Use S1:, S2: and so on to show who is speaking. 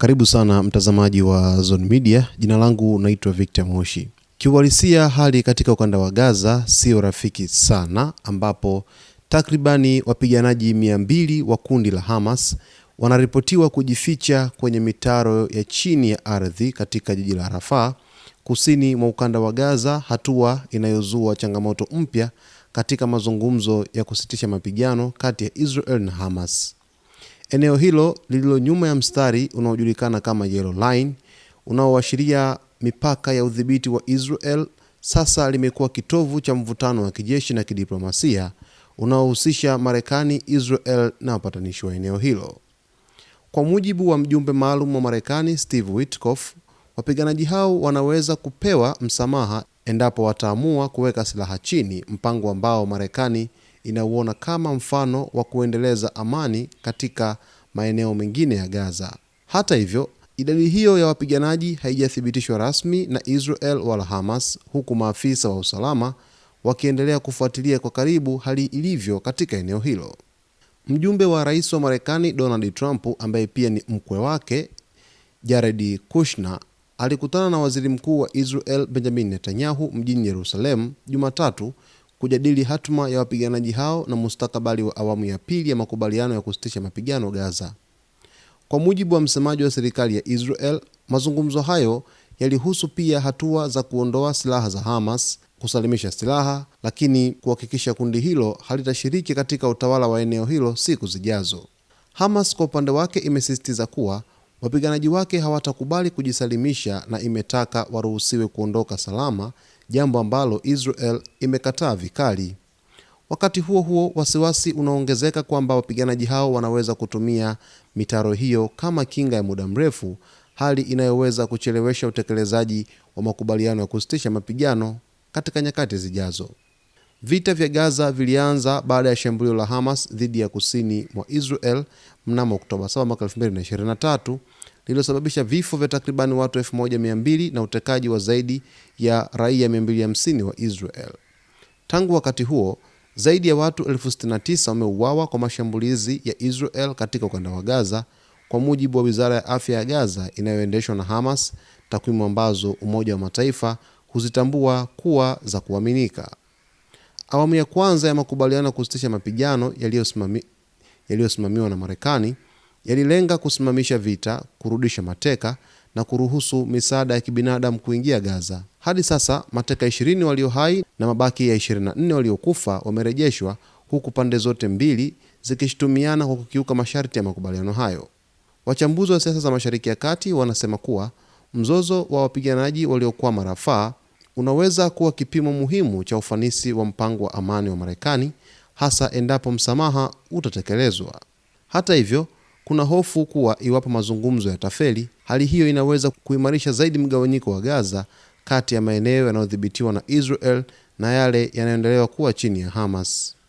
S1: Karibu sana mtazamaji wa Zone Media. Jina langu naitwa Victor Moshi. Kiuhalisia, hali katika ukanda wa Gaza sio rafiki sana, ambapo takribani wapiganaji mia mbili wa kundi la Hamas wanaripotiwa kujificha kwenye mitaro ya chini ya ardhi katika jiji la Rafah kusini mwa ukanda wa Gaza, hatua inayozua changamoto mpya katika mazungumzo ya kusitisha mapigano kati ya Israel na Hamas eneo hilo lililo nyuma ya mstari unaojulikana kama yellow line unaoashiria mipaka ya udhibiti wa Israel sasa limekuwa kitovu cha mvutano wa kijeshi na kidiplomasia unaohusisha Marekani, Israel na wapatanishi wa eneo hilo. Kwa mujibu wa mjumbe maalum wa Marekani Steve Witkoff, wapiganaji hao wanaweza kupewa msamaha endapo wataamua kuweka silaha chini, mpango ambao Marekani inauona kama mfano wa kuendeleza amani katika maeneo mengine ya Gaza. Hata hivyo, idadi hiyo ya wapiganaji haijathibitishwa rasmi na Israel wala Hamas, huku maafisa wa usalama wakiendelea kufuatilia kwa karibu hali ilivyo katika eneo hilo. Mjumbe wa Rais wa Marekani Donald Trump ambaye pia ni mkwe wake Jared Kushner alikutana na Waziri Mkuu wa Israel Benjamin Netanyahu mjini Yerusalemu Jumatatu kujadili hatma ya wapiganaji hao na mustakabali wa awamu ya pili ya makubaliano ya kusitisha mapigano Gaza. Kwa mujibu wa msemaji wa serikali ya Israel, mazungumzo hayo yalihusu pia hatua za kuondoa silaha za Hamas, kusalimisha silaha, lakini kuhakikisha kundi hilo halitashiriki katika utawala wa eneo hilo siku zijazo. Hamas kwa upande wake imesisitiza kuwa wapiganaji wake hawatakubali kujisalimisha na imetaka waruhusiwe kuondoka salama jambo ambalo Israel imekataa vikali. Wakati huo huo, wasiwasi unaongezeka kwamba wapiganaji hao wanaweza kutumia mitaro hiyo kama kinga ya muda mrefu, hali inayoweza kuchelewesha utekelezaji wa makubaliano ya kusitisha mapigano katika nyakati zijazo. Vita vya Gaza vilianza baada ya shambulio la Hamas dhidi ya kusini mwa Israel mnamo Oktoba 7 mwaka 2023 lililosababisha vifo vya takribani watu 1200 na utekaji wa zaidi ya raia 250 wa Israel. Tangu wakati huo, zaidi ya watu 69 wameuawa kwa mashambulizi ya Israel katika ukanda wa Gaza, kwa mujibu wa Wizara ya Afya ya Gaza inayoendeshwa na Hamas, takwimu ambazo Umoja wa Mataifa huzitambua kuwa za kuaminika. Awamu ya kwanza ya makubaliano ya kusitisha mapigano yaliyosimamiwa na Marekani yalilenga kusimamisha vita, kurudisha mateka na kuruhusu misaada ya kibinadamu kuingia Gaza. Hadi sasa mateka 20 walio hai na mabaki ya 24 waliokufa wamerejeshwa huku pande zote mbili zikishutumiana kwa kukiuka masharti ya makubaliano hayo. Wachambuzi wa siasa za Mashariki ya Kati wanasema kuwa mzozo wa wapiganaji waliokwama Rafaa unaweza kuwa kipimo muhimu cha ufanisi wa mpango wa amani wa Marekani, hasa endapo msamaha utatekelezwa. Hata hivyo, kuna hofu kuwa iwapo mazungumzo yatafeli, hali hiyo inaweza kuimarisha zaidi mgawanyiko wa Gaza kati ya maeneo yanayodhibitiwa na Israel na yale yanayoendelewa kuwa chini ya Hamas.